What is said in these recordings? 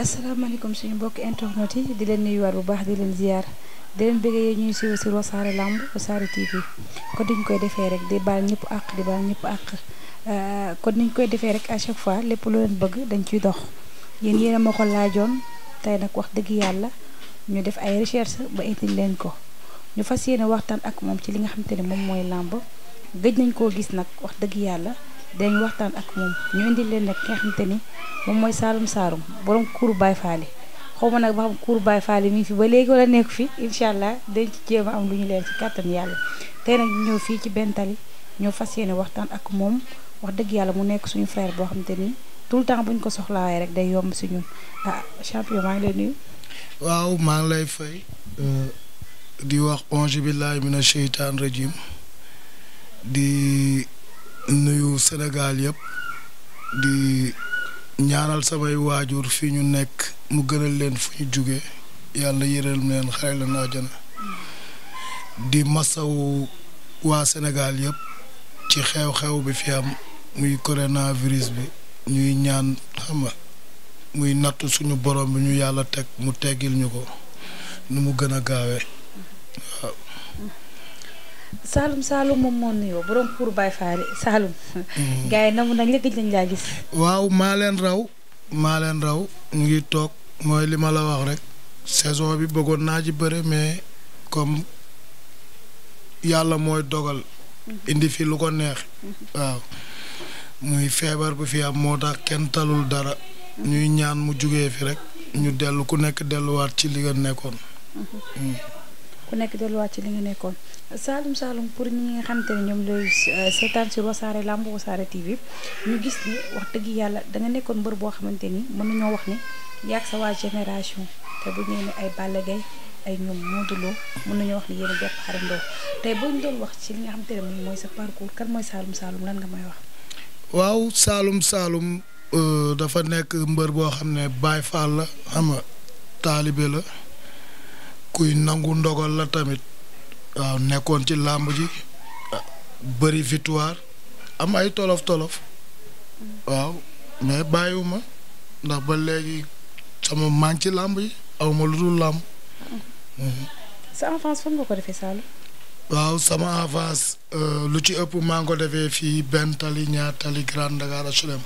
asalaamaaleykum suñu mbokk internet yi di leen nuyuwaat bu baax di leen ziar di leen bëggee yéen ñuy siiw si wasaare lamb wasaare TV kon diñ koy defee rek di baal ñëpp àq di baal ñëpp àq euh, kon nañ koy defee rek à chaque fois lépp lu bëgg dañ ciy dox yéen yéen a ma ko laajoon tey nag wax dëgg yàlla ñu def ay recherche ba indil leen ko ñu fas yéene waxtaan ak moom ci li nga xamante ne moom mooy làmb gëj nañ koo gis nag wax dëgg yàlla. dañ waxtaan ak moom ñu indi leen nag xamante ni moom mooy Saalum Saalum borom kuuru Baye Fall xaw ma nag ba xam kuuru Baye Fall mi fi ba léegi wala nekk fi incha allah dañ ci jéem am lu ñu leen ci kàttan yàlla tey nag ñëw fii ci benn tali ñoo fas yéene waxtaan ak moom wax dëgg yàlla mu nekk suñu frère boo xamante ni tout le temps buñ ko soxlaa rek day yomb si ñun ah champion maa waaw maa ngi lay fay. Euh, di wax onge billahi mina sheytaan rajim di nuyu senegaal yëpp di ñaanal samay waajur fii ñu nekk mu gënal leen fu ñu jóge yàlla yëral leen xare leen àjjana di masawu waa senegaal yëpp ci xew-xew bi fi am muy coronavirus bi ñuy ñaan xam nga muy nattu suñu borom bi ñu yàlla teg mu teggil ñu ko nu mu gën a gaawee waaw. Saalum Saalum moom moo nuyoo borom pour Baye Fall Saalum. Mm-hmm. gars yi namu nag léegi dañ laa gis. waaw maa leen raw maa leen raw ngi toog mooy li ma la wax rek saison bi bëggoon naa ci bëre mais comme yàlla mooy dogal. Mm-hmm. indi fi lu ko neex. Mm-hmm. waaw muy feebar bu fi am moo tax kenn talul dara. ñuy ñaan mu jugee fi rek ñu dellu ku nekk delluwaat ci li nekkoon. Mm. ku nekk delluwaat ci li nga nekkoon Saalum Saalum pour ñi nga xamante ne ñoom lay euh, seetaan sur wasaare làmb wasaare TV ñu gis ni wax dëgg yàlla danga nekkoon mbër boo xamante ni mën nañoo wax ni yaag waa génération te ay Balla Gaye ay ñoom Modou Lo mën nañoo wax ni yéen a jàpp xarandoo tey boo wax ci li nga xamante ne moom mooy sa parcours kan mooy Saalum Saalum lan nga may wax. waaw Saalum Saalum euh, dafa nekk mbër boo xam ne Baye Fall la xam nga taalibe la. kuy nangu ndogal la tamit waaw nekkoon ci làmb ji bëri victoire am ay tolof tolof waaw mais bàyyiwuma ndax ba léegi sama maa ci làmb yi awma lu dul làmb. Mhm. sa enfance fan nga ko defee Saalum. waaw sama enfance euh, lu ci ëpp maa ngi ko defee fii benn tali ñaar tali Grand Dakar HLM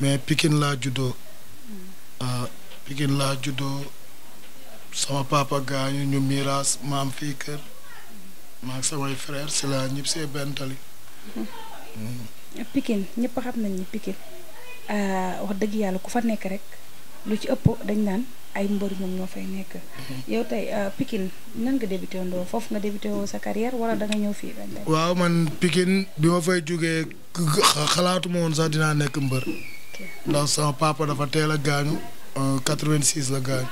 mais Pikine laa juddoo. Mhm. Ah, Pikine laa juddoo sama papa gaañu ñu miiras maam fii kër maag samay frère si laa ñib see benn tali mm. Pikine ñëpp xam nañ ni Pikine ah, wax dëgg yàlla ku fa nekk rek lu ci ëpp dañ naan ay mbër moom ñoo fay nekk. Mm-hmm. yow tey ah, Pikine nan nga débuté woon foofu nga débuté woo sa carrière wala da nga ñëw fii. waaw man pikin bi ma fay jógee xalaatuma woon sax dinaa nekk mbër. ndax sama papa dafa teel a gaañu 86 euh, la gaañu.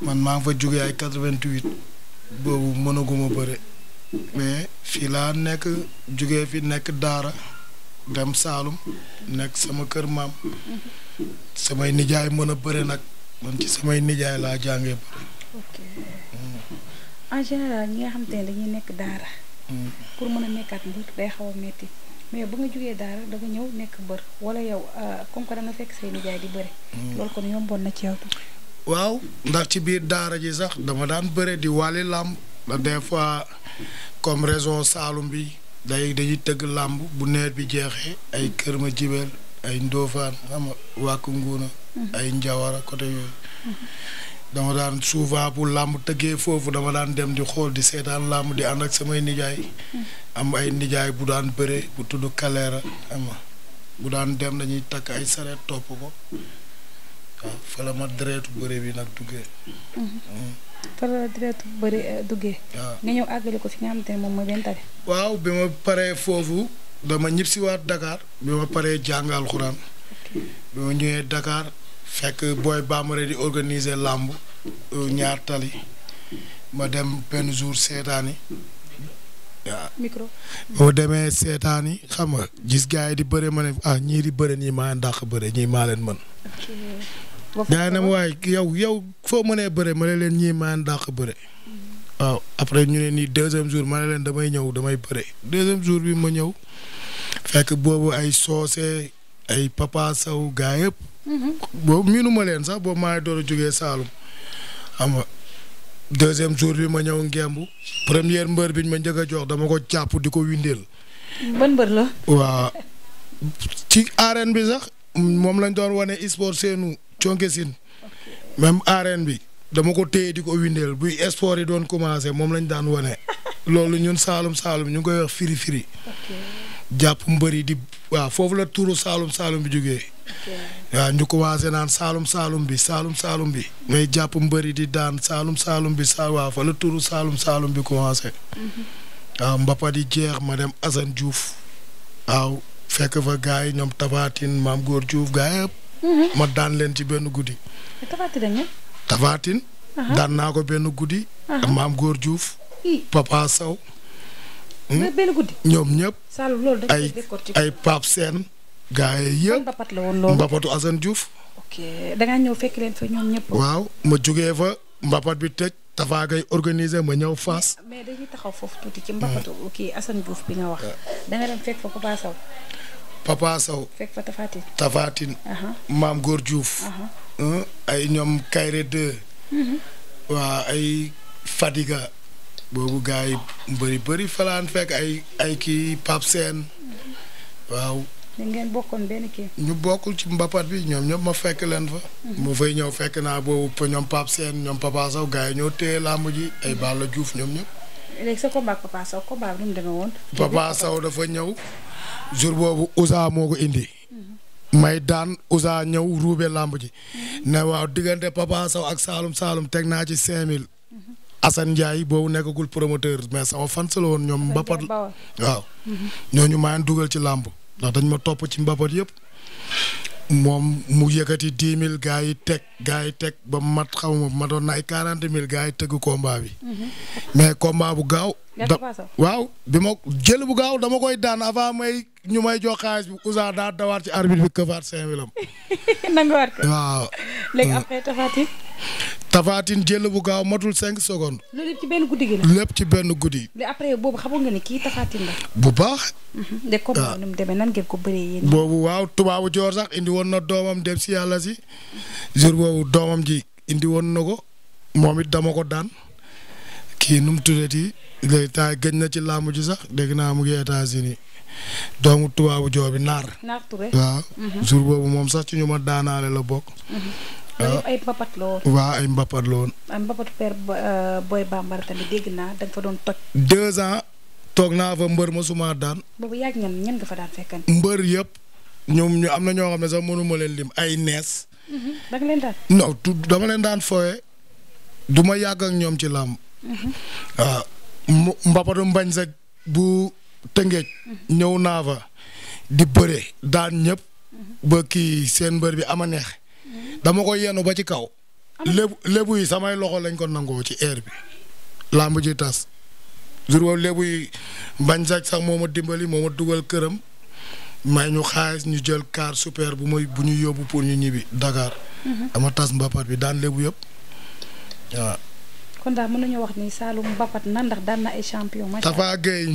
man maam ngi fa jógee ay quatre-vingt-huit boobu mënaguma bëre mais fii laa nekk jóge fi nekk daara dem Saalum nekk sama kër maam samay nijaay mën a bëre nag man ci samay nijaay laa jàngee bëre. ok en xam te ne dañuy nekk daara. Mm. pour mën a nekkaat mbër day xaw metti mais ba nga jógee daara da nga ñëw nekk bër wala yow euh, comme que da nga fekk say nijaay di bëre. Mm. loolu kon yomboon na ci yow. waaw ndax ci biir daara ji sax dama daan bëre di wàlli làmb da des fois comme région Saloum bi day dañuy tëgg làmb bu neer bi jeexee ay Kër ma jibeel ay Ndofane xam nga wàkk nguuna ay Njawara côté yooyu dama daan souvent bu làmb tëggee foofu dama daan dem di xool di seetaan làmb di ànd ak samay nijaay am ay nijaay bu daan bëre bu tudd kaleera xam nga bu daan dem dañuy takk ay sareet topp ko waaw ma deretu bëre bi nag duggee. Mhm. fa la deretu bëre euh, duggee. nga ñëw àggale ko fi nga xamante ne moom mooy benn tali. waaw bi ma paree foofu dama ñib si waat Dakar bi ma paree jàng alxuraan bi ma ñëwee Dakar fekk booy Bambara di organiser làmb euh, ñaar tali ma dem benn jour seetaani waaw micro. demee seetaani xam nga gis gaa yi di bëre ma ne ah ñii di bëre ñii maa ndax bëre ñii maa leen mën. jaay na ma waay yow yow foo mënee bëre ma ne leen ñii maa dàq bëre. waaw après ñu ne nii deuxième jour ma ne leen damay ñëw damay bëre deuxième jour bi ma ñëw fekk boobu ay soose ay papa saw gaa mhm. miinu ma leen sax boobu maa ngi a jógee Saalum xam nga deuxième jour bi ma ñëw ngemb première mbër biñ ma njëkk a jox dama ko jàpp di ko windeel. ban mbër ci arène bi sax moom lañ doon wane sport seenu conke sin même arène bi dama ko téye di ko windeel buy sport yi doon commencé moom lañ daan wane loolu ñun saalum saalum ñu ngi koy wax firi firi jàpp mbëri di waaw foofu la turu saalum saalum bi jógee waaw ñu commencé naan saalum saalum bi saalum saalum bi ngay jàpp mbëri di daan saalum saalum bi sa waaw fa saalum saalum bi commencé mhm. waaw mbapat jeex ma dem Assane Diouf waaw fekk fa gars ñoom Tapha maam Góor Diouf gars yëpp Mm-hmm. ma daan leen ci benn guddi. tafaatin uh-huh. daan naa ko benn guddi. Uh-huh. maam góor juuf papa Sow. Hmm? ñoom ñëpp. ay ay Pape Sène. gaa yi yëpp mbapatu Assane Diouf. ok ñëw fekk leen fa ñoom ñëpp. waaw ma jógee fa mbapat bi tëj Tafa ngay organiser ma ñëw Fass. mais dañuy taxaw foofu tuuti ci mbapatu ah. kii Assane Diouf bi nga wax. Ah. da dem fekk fa Papa Sow. Papa Sow. fekk fa Tafatine. maam Góor Diouf. ay ñoom Kayre 2. Mhm. waa ay Fadiga. boobu gars bëri bëri falaan fekk ay ay kii Pape Sène mhm. waaw. da ñu bokkul ci mbapat bi ñoom ñëpp ma fekk leen fa. Mhm. mu fay ñëw fekk naa boobu ñoom Pape Sène ñoom Papa Sow yi ñoo téye laa ji ay Balla Diouf ñoom ñëpp. léegi sa combat Papa Sow Sow dafa ñëw jour boobu Ousa moo ko indi. may daan Ousa ñëw ruube làmb ji. ne waaw diggante Papa Sow ak Saalum Saalum teg naa ci 5000. Assane Ndiaye boobu nekkagul promoteur mais sama fan la woon ñoom mbapat waaw. ñu maa dugal ci làmb ndax dañ ma topp ci mbapat yëpp. moom mu yëkkati dix mille gars yi teg gars yi teg ba mat xaw ma matoon na ay quarante mille gars yi tëgg combat bi. Mhm. mais combat bu gaaw. waaw bi ma jël bu gaaw dama koy daan avant may ñu may jox xaalis bi Ousa daa dawaat ci arbitre bi këfaat cinq mille am. waaw. léegi euh, après Tafatine. Tafatine jël bu gaaw matul cinq secondes. lépp ci benn guddi gi la. lépp bu baax. Mhm. de ah. ko nu boobu waaw tubaabu joor sax indi woon na doomam dem si yàlla si jour boobu doomam ji indi woon na ko moom it dama ko daan kii nu mu tuddati léegi temps na ci làmb ji sax dégg naa mu ngi États-Unis doomu tubaabu mhm. moom sax ñu ma daanaale la bokk. waaw mhm. ah. ay mbapat la woon. waaw ay mbapat euh, deux ans toog naa fa mbër ma suma daan. mbër yëpp ñoom ñu am na ñoo xam ne sax mënu ma leen lim ay nees. Mhm. da daan. non dama leen daan fooye du ma ñoom ci làmb. waaw. Ah. mbapatum mbañ bu tëngeej ñëw naa fa di bëre daan ñëpp ba kii seen mbër bi ama neex dama ko yenu ba ci kaw lébu lébu yi samay loxo lañ ko nangoo ci air bi làmb ji tas jur woowu lébu yi mbañ sax moo ma dimbali moo ma dugal këram may ñu xaalis ñu jël car super bu muy bu ñu yóbbu pour ñu ñibbi Dakar. Mhm. dama tas mbapat bi daan lébu yëpp waaw kon daal mën na ndax daan na ay champion. macha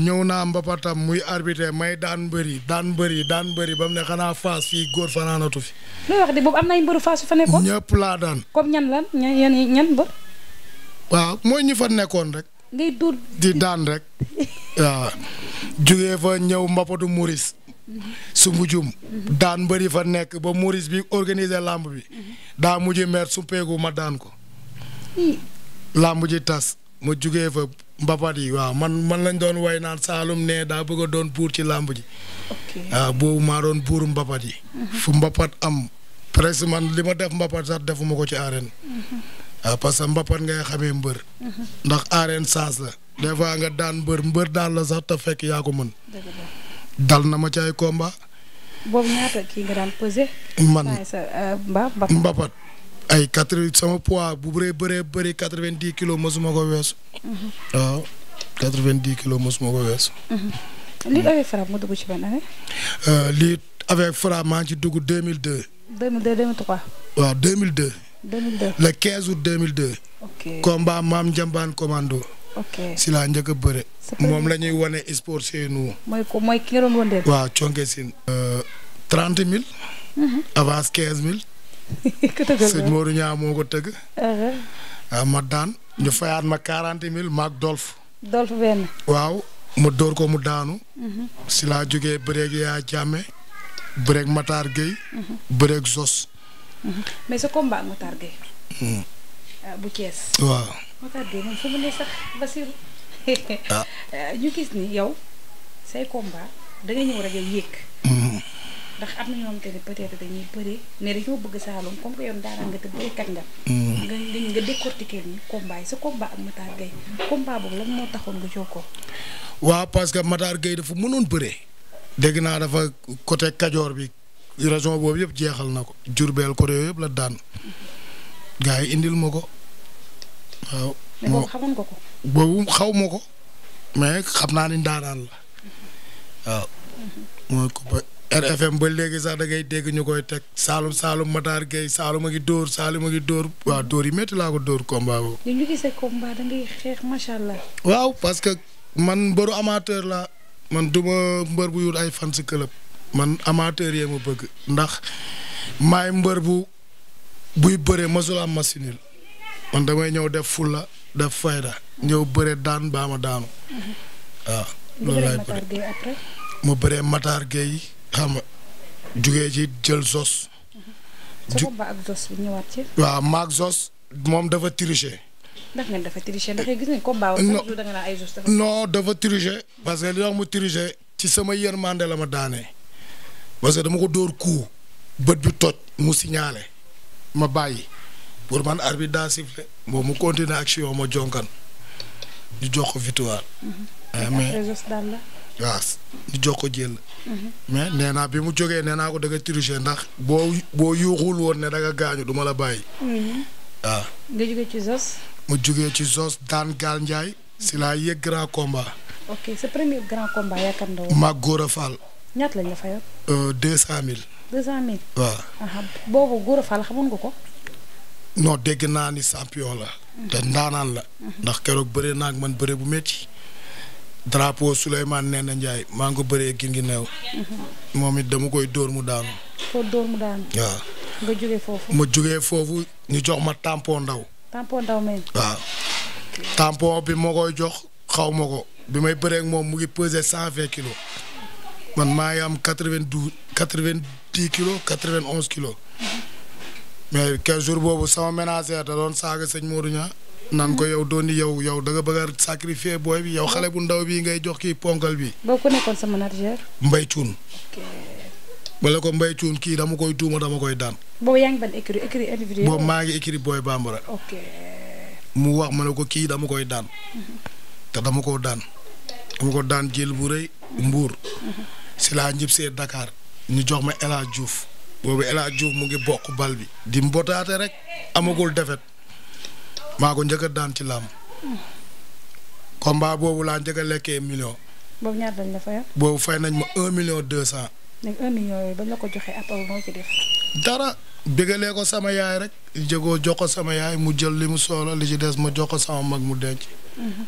ñëw naa mbapatam muy arbitre may daan bëri daan bëri daan bëri ba mu ne xanaa Fass fii góor fanaanatu fi. looy fa nekkoon. ñëpp laa daan. comme ñan lan ñan ñan waaw mooy ñi fa nekkoon rek. ngay dóor di daan rek. waaw jugee fa ñëw mbapatu Maurice. Mhm. su jum mhm. daan mbëri fa nekk ba Maurice bi organiser lamb bi. Mhm. daa mujj meer sumpeegu ma daan ko. làmb ji tas ma jugee fa mbapat yi waaw man man lañ doon way naan Saalum nee daa bëgg a doon buur ci làmb ji. waaw boobu maa doon buuru mbapat yi. Mhm. fu mbapat am presque man li ma def mbapat sax defuma ko ci arène. Mhm. parce que mbapat ngay xamee mbër. Mhm. ndax arène saas la. des fois nga daan mbër mbër daan la sax te fekk yaa ko mën. dal na ma ci ay man euh, mbapat. ay quatre sama poids bu bëree bëree bëri quatre vingt dix kilos mosuma ko weesu. Mhm. waaw quatre vingt dix kilos mosuma ko weesu. Mhm. lii avec Fra mu dugg euh, maa ngi ci dugg waaw deux quinze août deux maam Njambaan commando. si laa njëkk a moom la ñuy wane sport chez nous. mooy ko mooy waaw conge sin. Euh, trente mille. Mhm. avance quinze mille. ku tëggal sëñ moo ko tëgg. Uh-huh. Ah, ma daan ñu fayaat ma quarante mille maag dolf. dolf benn. waaw ma dóor ko mu daanu. Uh-huh. si laa jógee bëreeg yaa jàmme bëreeg Matar Gueye. Uh-huh. bëreeg Zos. mais sa combat ak Matar hmm. ah, bu Thiès. waaw Matar Gueye moom fu mu ne sax Basirou. Ah. ah ñu gis ni yow say combat da ñëw rek yéeg. Hmm. ndax am na ñoo xamante ne peut-être dañuy bëri ne dañoo bëgg Saalum comme que yoon daanaka te bërikat nga. Mm. nga nga décortiquer ni combat yi sa combat ak Matar Gueye combat boobu lan moo taxoon nga jokkoo. waaw parce que Matar Gueye dafa mënoon bëree. dégg naa dafa côté Kajoor bi région boobu yëpp jeexal na ko Diourbel côté yooyu yëpp la daan gars indil ma ko waaw. mais boobu nga ko. boobu xaw ma ko mais xam naa ni daanaan la waaw. Mm-hmm. RFM ba léegi sax da ngay dégg ñu koy teg Saalum Saalum Matar Gueye Saalum a ngi dóor Saalum a ngi dóor waaw dóor yi métti laa ko dóor combat boobu. waaw parce que man mbëru amateur la man du ma mbër bu yur ay fan si club man amateur yee ma bëgg ndax may mbër bu buy bëree masul am machine man damay ñëw def fulla def fayda ñëw bëre daan baa ma daanu. Mhm. waaw loolu laay bëree ma bëree Matar Gueye xam nga jugee ci jël Zos. ju ak waaw maag Zos moom dafa tricher. no dafa tricher parce que li wax mu tricher ci sama yërmande la ma daane parce que dama ko dóor kuu bët bi toj mu signalé ma bàyyi pour man arbitre daa sifflé moom mu continuer action ma jonkan ñu jox ko victoire. Mhm. Ah, mais waaw ñu jox ko jël. Mhm. mais nee naa bi mu jógee nee naa ko da nga ndax boo boo yuuxul woon ne da nga gaañu duma la bàyyi. Mhm. waaw. nga jógee ci Zos. mu jógee ci Zos daan Gaal Ndiaye. si laa yëg grand combat. ok sa premier grand combat lañ la fayoon. Euh, deux cent mille. deux cent mille. waaw. boobu Gora nga ko. non dégg naa ni champion la. Mhm. te ndaanaan la. ndax keroog bëre naa ak man bëre bu metti drapeau Souleymane Nene Ndiaye maa ngi ko bëree gi ngi neew moom it dama koy dóor mu daanu. ko dóor mu foofu. ma jógee foofu ñu jox ma tampon ndaw. tampon bi ma koy jox xaw ma ko bi may bëree moom mu ngi pesé cent vingt kilos man maa ngi am quatre vingt douze quatre vingt dix kilos quatre mais quinze jours boobu sama ménagère da doon saaga sëñ Modou Niang. nan ko yow dooni yow yow da nga bëgg a sacrifier booy bi yow xale bu ndaw bii ngay jox kii ponkal bi. boobu ku nekkoon sa wala ko Mbaye Thioune kii dama koy tuuma dama koy daan. boobu yaa mu wax ma ne ko kii dama koy daan. Mhm. te dama ko daan. dama ko daan jël bu rëy. mbuur mhm. si laa njëb see Dakar. ñu jox ma El Hadj Diouf. boobu El mu ngi boq bal bi. di mbotaate rek. amagul defet maa ko njëkk daan ci làmb. combat boobu laa njëkk a lekkee million. boobu ñaata lañ la fayal. boobu fay nañ ma un million deux cent. léegi ko dara bégalee ko sama yaay rek. jëgoo jox ko sama yaay mu jël li mu soxla li ci des ma jox ko sama mag mu denc. Mhm.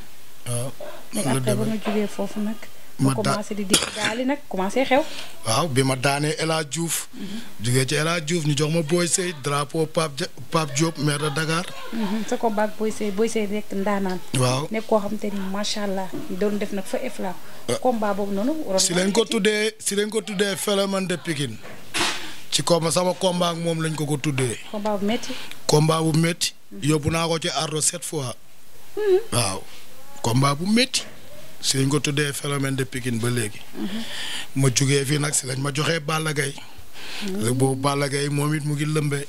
waaw. après ba nga jógee foofu nag. ma commencé di dégg gaali nag commencé xew. waaw bi ma daanee El Hadj Diouf. Mhm. jugee ci El Hadj ñu jox ma Boy Sey drapeau Pape ja Pape Diop maire de Dakar. Mhm, sa nekk ndaanaan. waaw nekk koo xam te macha allah def nag fa efla. Ah. combat boobu noonu. si leen ko tuddee si lañ ko tuddee Phénomène de Pikine. ci combat sama combat ak moom lañ ko ko tuddee. combat bu métti. combat bu métti. Mhm. yóbbu naa ko ci ardo sept fois. waaw combat bu métti. si lañ ko tuddee phénomène de Pikine ba léegi. ma jugee fii nag si lañ ma joxee Balla Gaye. Mm-hmm. boobu Balla Gaye moom it mu ngi lëmbee.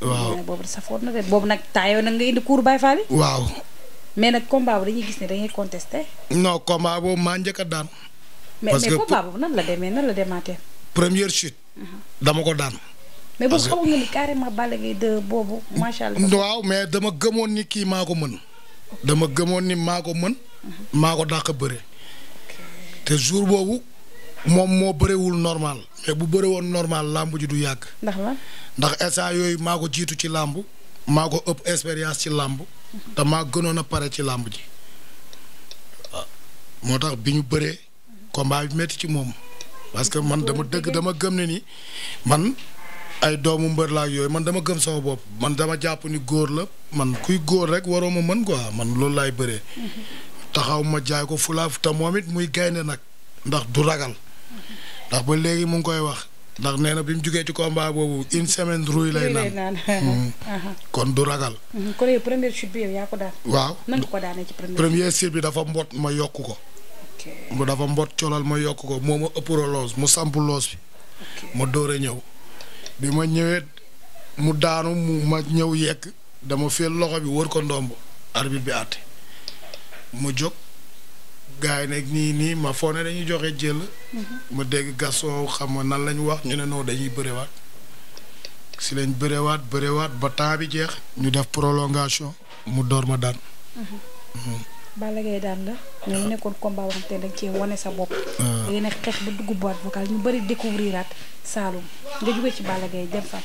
Mm-hmm. boobu nag taayoo nag nga indi cour Baye waaw. mais nag combat bu gis ne dañuy contesté. non combat a daan. parce que mais mais combat boobu nan mm-hmm. dama ko daan. mais boobu xamu nga ni boobu macha allah. waaw mais dama gëmoon ni kii maa ko mën. dama gëmoon ni maa ko mën. maa ko dàq bëre. te jour boobu moom moo bërewul normal mais bu bëre woon normal làmb ji du yàgg. ndax la ndax instant yooyu maa ko jiitu ci làmb maa ko ëpp expérience ci làmb. te gënoon a pare ci làmb ji. moo tax bi ñu bëree. combat bi metti ci moom. parce que man dama dëgg dama gëm ne nii man ay doomu mbër laa yooyu man dama gëm sama bopp man dama jàpp ni góor la man kuy góor rek waroo ma mën ko man loolu laay bëree. taxaw ma jaay ko fulaa te moom it muy gaynde nag ndax du ragal ndax ba léegi mu ngi koy wax ndax nee na bi mu jugee ci combat boobu une semaine ruy lay naan mm. uh-huh. kon du ragal. Mm-hmm. kon yow waaw nan nga bi dafa mbot ma yokk ko. mu dafa mbot colal ma yokk ko moo ma ëpp loos mu samp loos bi. ma dóore ñëw. bi ma ñëwee mu daanu mu ma ñëw yekk dama feel loxo bi wër ko ndomb. arbitre bi àtte. ma jóg gars yi nii nii ma foo ne joxe jël. Mhm. ma dégg gasoo xam ma nan lañu wax ñu ne non dañuy bëriwaat si lañ bëriwaat bëriwaat ba temps bi jeex ñu def prolongation mu door ma daan. Mhm. Mhm. Balla Gaye daan la ñoo nekkoon combat boo te dañ cee wane sa bopp. Ah. ngeen xeex ba dugg boîte vocale ñu bëri découvrir at nga jugee ci Balla dem fan.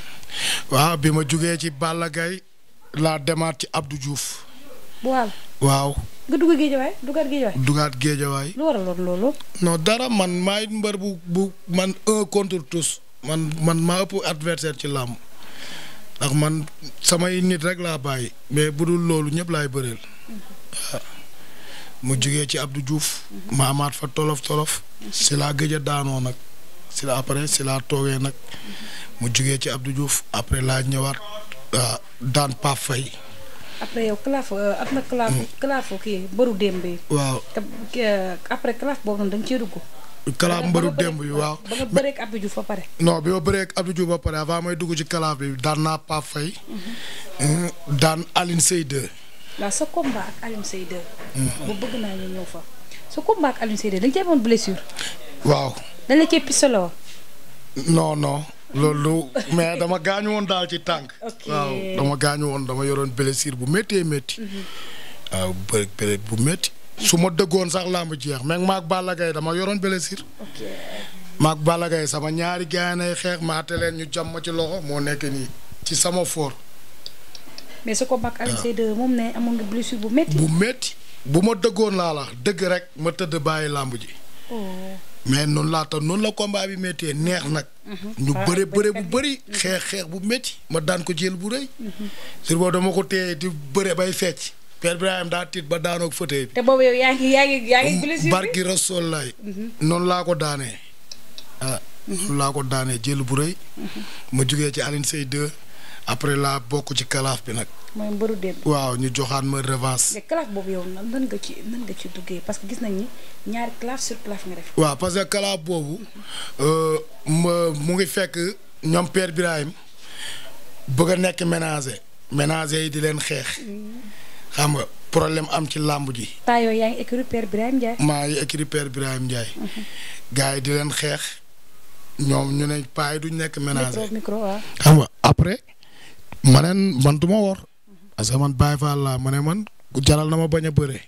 waaw bi ma jógee ci Balla Gaye laa demaat ci Abdou Diouf. waaw. nga dugg géejawaay dugaat géejawaay. lu waral loolu. non dara man maay mbër bu bu man un contre tous man man maa ëpp adversaire ci làmb ndax man samay nit rek laa bàyyi mais bu dul loolu ñëpp laay bëreel. Mhm. mu jugee ci Abdou juuf mhm. ma amaat fa tolof tolof. Mhm. si laa gëj daanoo nag si la après si laa toogee nag mu jugee ci Abdou juuf après laa ñëwaat ah, daan Pape Faye après yow claf euh, am na claf mm. claf kii mbëru démb yi. waaw euh, après boobu noonu da nga cee dugg. kalaaf mbëru démb bi waaw ba nga bëree ak ba pare. non bi ma bëree ak ba pare avant may dugg ci kalaaf bi daan naa Pape Faye. Mm-hmm. Euh, daan Aline Seyde. waaw sa combat ak Aline Seyde. Mm-hmm. bu dañ cee amoon blessure. waaw. dañ la cee pistolé woon. loolu mais dama gaañu woon daal ci tànk. waaw dama gaañu woon dama yoroon blessure bu méttee métti. Mhm. waaw su ma dëggoon sax làmb jeex mais maag Balla Gaye dama yoroon blessure. maag Balla Gaye sama ñaari gaynay xeex ma àtte leen ñu jàmm ci loxo moo nekk nii ci sama foor. mais su ko bakk Alioune Seye moom ne amoon nga blessure bu métti. bu ma dëggoon laa dëgg rek ma tëdd bàyyi làmb ji. Oh. mais noonu laa tax noonu la combat bi méttee neex nag. Mhm. ñu ah, bëre bëre bu bëri mhm. xeex xeex bu metti ma daan ko jël bu rëy. sur mhm. boobu dama ko téye di bëre bay fecc. Père Ibrahima daa tiit ba daanoog fëtee bi. te barki Rasulaay. noonu laa ko daanee. ah noonu laa ko daanee jël bu rëy. ma jugee ci Alioune Seye 2. après laa bokk ci kalaaf bi nag. waaw ñu joxaat ma revanche. mais boobu yow waaw parce que kalaaf boobu euh, mu ngi fekk ñoom Père Birahim bëgg a nekk ménager ménager yi di leen xeex. Mm-hmm. xam nga problème am ci làmb ji. taa yooyu yaa ngi maa ngi écrit Père Birahim Ndiaye. Mm-hmm. gars yi di leen xeex ñoom ñu ne paa yi duñ nekk ménager. micro xam nga après. ma neen man du ma wor parce que man Baye Fall laa ma ne man ku jaral na ma bañ a bëre.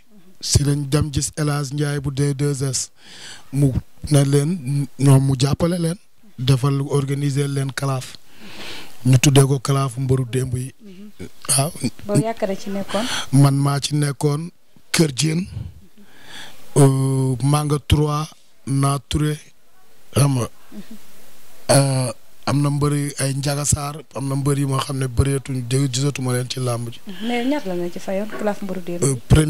si lañ dem gis El Hadj bu dee 2S mu ne leen ñoom mu jàppale leen. defal organiser leen kalaaf. ñu tuddee ko kalaaf mbëru démb yi. waaw. man maa ci nekkoon Kër Diène. Euh, Manga troit naa Touré xam euh, am na mbëri ay Ndiaga am na mbër yi moo xam ne bëreetuñ gisatuma leen ci làmb ji. Mm-hmm. mais ñaata lañ euh, bi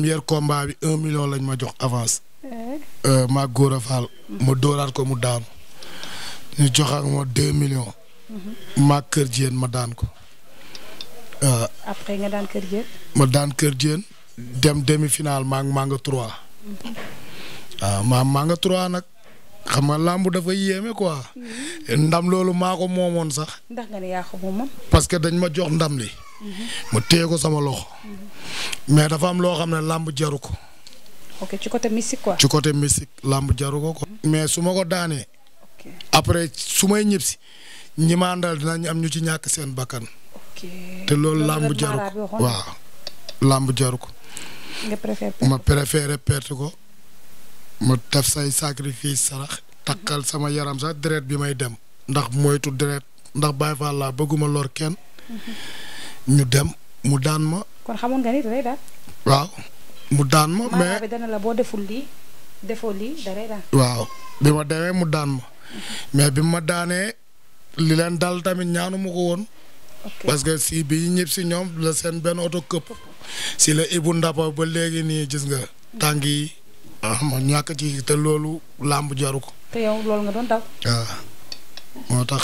million lañ ma jox avance. maa góor a faal. ma mm-hmm. dóoraat ko mu daanu. ñu joxaat ma deux millions. Mm-hmm. maa kër jeen ma daan ko. Euh, kër jeen. ma daan kër jeen. dem demi final maa maa nga trois. waaw ah, maa maa nga trois nag. xam na làmb dafa yéeme quoi. Mm-hmm. ndam loolu maa ko moomoon sax. ndax parce que dañ ma jox ndam li. Mm-hmm. ma téye ko sama loxo. Mm-hmm. mais dafa am loo xam ne làmb jaru ko. ci côté mystique ci côté mystique làmb jaru ko mais su ma ko daanee. après su may ñib si ñi am ñu ci ñàkk seen bakkan. te loolu làmb jaru ko waaw làmb jaru ko. ma préféré perte ko. ma def say sacrifice sarax takkal sama yaram sax deret bi may dem ndax moytu deret ndax Baay Faal laa bëgguma lor kenn ñu dem mu daan ma. kon xamoon nga ni da lay daan. waaw mu daan ma. mais bi ma mu ma daanee li leen daal tamit ñaanu ma ko woon. parce que si bi ñëpp si ñoom la seen benn oto këpp. si la Ibou Ndapa ba léegi nii gis nga. tànk yi ah ma ñàkk ci te loolu làmb jaru ko. te yow loolu nga doon daw. waaw ah, moo tax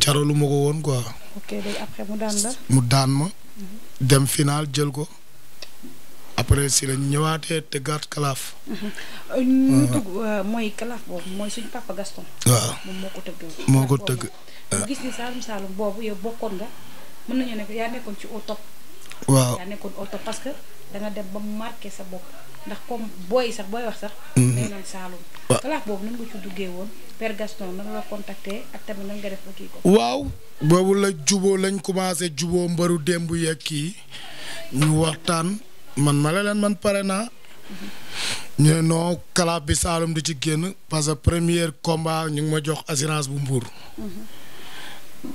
jaralu ma ko woon quoi. ok mu daan ma. dem finaal jël ko. après si lañ ñëwaatee te gàtt kalaaf. Mhm. ñu tëgg ah. euh, mooy kalaaf boobu moo ko tëgg. moo ko tëgg. gis ni Saalum Saalum boobu yow bokkoon nga mën nañu ne yaa nekkoon ci au waaw parce que da nga dem ba ndax comme booy sax booy wax sax. nee mhm. nañ boobu la contacté ko. waaw boobu la lañ commencé jubo mbaru démb yeeg kii ñu waxtaan man ma leen man pare naa. Mhm. ñu ne noo kalaax bi Saalum di ci génn parce que premier combat ñu ngi ma jox assurance bu mbur mhm.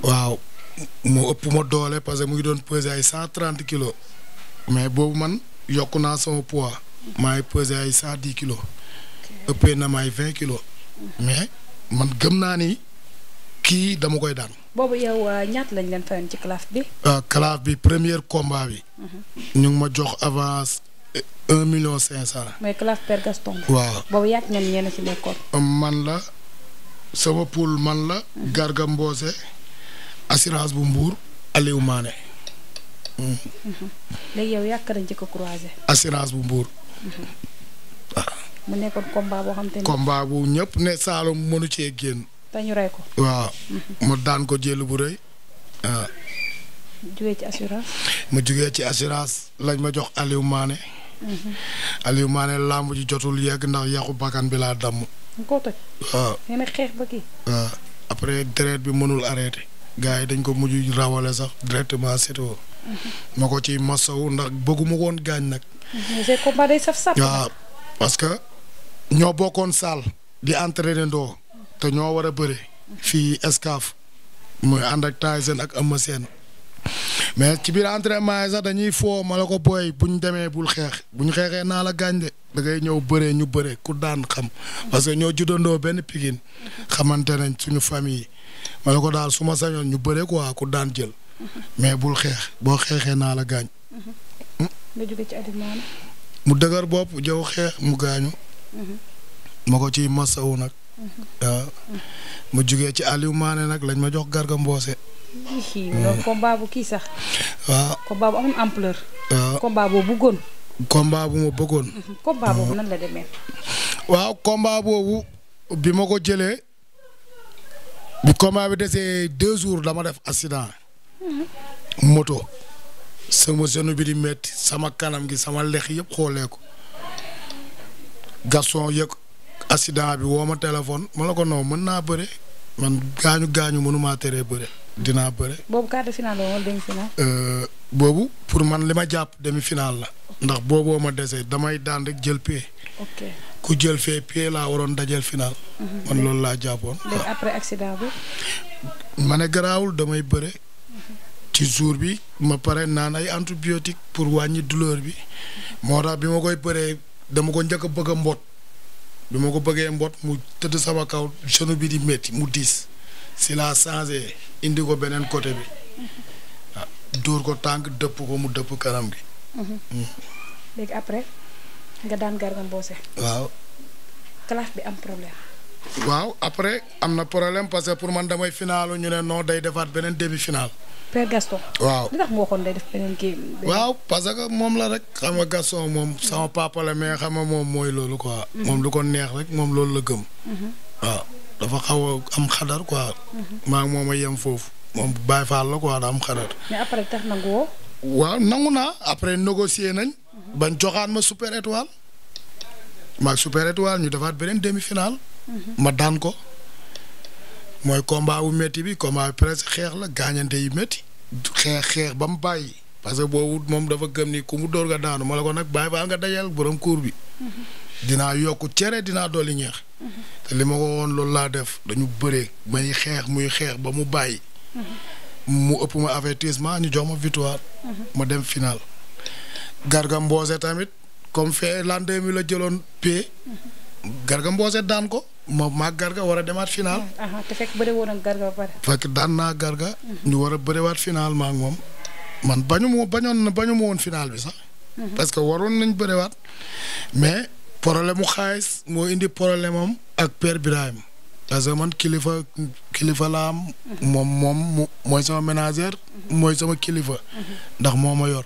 waaw. moo ëpp ma doole parce que mu ngi doon peser ay cent trente kilos mais boobu man yokk naa sama poids maay peser ay cent dix kilos ëppee na maay vingt kilos mais man gëm naa ni kii dama koy daan. boobu euh, bi. Euh, classe bi premier mhm. ma jox avance euh, un cinq cent. mooy la sama poul man la. Mhm. Garga Mbossé. assurance bu mbuur Aliou Mané. Hmm. assurance bu mbuur. Hmm. mu nekkoon combat bu ñëpp ne Saalum mënu cee génn. te rey ko. waaw hmm. mu daan ko jël bu rëy ah. mu jugee ci assurance. lañ ma jox Aliou Mané. Aliou Mané làmb ji jotul yegg ndax yàqu bakkan bi laa damm. nga ah. ah. après deret bi mënul arrêté. gars yi dañ ko mujj rawale sax directement CTO. ma ko ci masawu ndax bëgguma woon gaañ nag. mais waaw parce que ñoo bokkoon saal di entraîné ndoo te ñoo war a bëre. fii Escaf mooy ànd ak Tyson ak Eumeu Sène mais ci biir entraînement yi sax dañuy foo ma la ko booy bu ñu demee bul xeex bu ñu xeexee naa la gaañ de da ngay ñëw bëree ñu bëree ku daan xam parce que ñoo juddandoo benn pikin xamante nañ suñu famille ma ne ko daal su ma sañoon ñu bëree quoi ku daan jël. mais bul xeex boo xeexee naa la gaañ. mu dëgër bopp jaww xeex mu gaañu. ma ko ciy masawu nag. waaw mu jugee ci Aliou nag lañ ma jox gar Mbossé. loolu combat bu kii sax. waaw combat ma bëggoon. waaw combat bi ma ko jëlee. bu combat bi desee deux jours dama def accident. moto. sama genou bi di metti sama kanam gi sama lex yëpp xoolee ko garçon yëg accident bi woo ma téléphone ma la ko noo mën naa bëre man gaañu gaañu mënumaa teree bëre dinaa bëre. boobu quart de finale euh, boobu pour man li ma jàpp demi finale la. ndax booboo ma desee damay daan rek jël paie. ku jël fee pied laa waroon dajal final. Mhm. man loolu laa jàppoon. ma ne garaawul damay bëre. Mhm. ci jour bi ma pare naan ay antibiotique pour wàññi douleur bi moo tax bi ma koy bëree dama ko njëkk a bëgg a mbot bi ma ko bëggee mbot mu tëdd sama kaw genou bi di metti mu diis si laa changé indi ko beneen côté bi mhm. ah dóor ko tànk dëpp ko mu dëpp kanam bi nga daan waaw. classe bi am problème. waaw après am na problème parce que pour man damay finaalu ñu ne non day defaat beneen demi final. Père Gaston. waaw li tax mu waxoon day def beneen kii. waaw parce que moom la rek xam nga Gaston moom sama papa la mais moom mooy loolu quoi. Mhm. ko neex rek moom loolu la gëm. Mhm. waaw dafa xaw a am xadar quoi. Mhm. maa ngi moom a yem foofu moom Baye Fall la quoi daa am xadar. après tax nangu woo. waaw nangu naa après négocier nañ. bañ joxaat ma super étoile maag super étoile ñu defaat beneen demi final. Mhm. ma daan ko mooy combat wu metti bi combat bi presque xeex la gaañante yi métti. xeex xeex ba mu bàyyi. parce que boobu moom dafa gëm ni ku mu door nga daanu ma la ko nag bàyyi baal nga dajal borom cour bi. Mhm. dinaa yokk cere dinaa dolli ñeex. Mhm. te li ma ko woon loolu laa def dañu bëree may xeex muy xeex ba mu bàyyi. mu ëpp ma avertissement ñu jox ma victoire. ma dem final. Garga mboose tamit comme fee l'an 2000 la jëloon pee Garga Mbossé daan ko ma maag Garga war a demaat final. Ah, ah, te fekk bëre ba pare. daan naa Garga. ñu war a bëriwaat final maag moom man bañu bañoon na bañu woon final bi sax. Mhm. parce que waroon nañ bëriwaat mais problème mu xaalis moo indi problème am ak Père Birahim parce que man kilifa kilifa laa mhm. moom moom mooy sama ménagère. Mhm. mooy sama kilifa. ndax moo ma yor.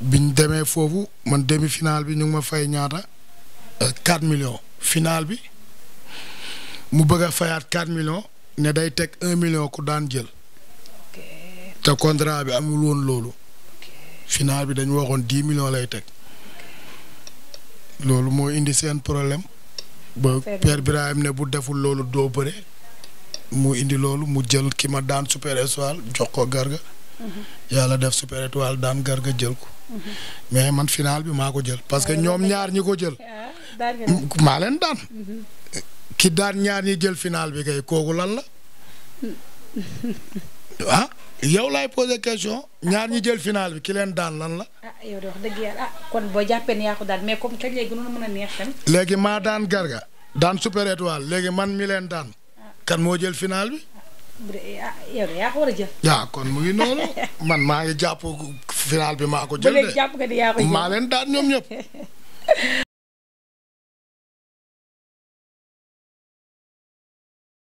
biñ demee foofu man demi final bi ñu ngi ma fay ñaata 4 euh, millions final bi mu bëgg a fayaat 4 millions ne day teg un million ku daan jël te contrat bi amul woon loolu final bi dañu waxoon 10 millions lay teg loolu moo indi seen problème ba Père Birahim ne bu deful loolu doo bëre mu indi loolu mu jël ki ma daan super étoile jox ko garga mhm. yàlla def super étoile daan garga jël ko mais man final bi maa ko jël parce que ah, ñoom ñaar ñi ko jël. Ah, maa leen daan. Mm-hmm. ki daan ñaar ñi jël final bi kay kooku lan la. ah yow laay posé question ñaar ñi jël final bi ki leen daan lan la. ah, ah a neex tam. léegi maa daan garga daan super étoile léegi man mi leen daan. kan moo jël final bi. Ah, yow de yaa a kon mu ngi noonu man maa ngi jàpp bi maa ko jël de. bu dee maa leen daan ñoom ñëpp.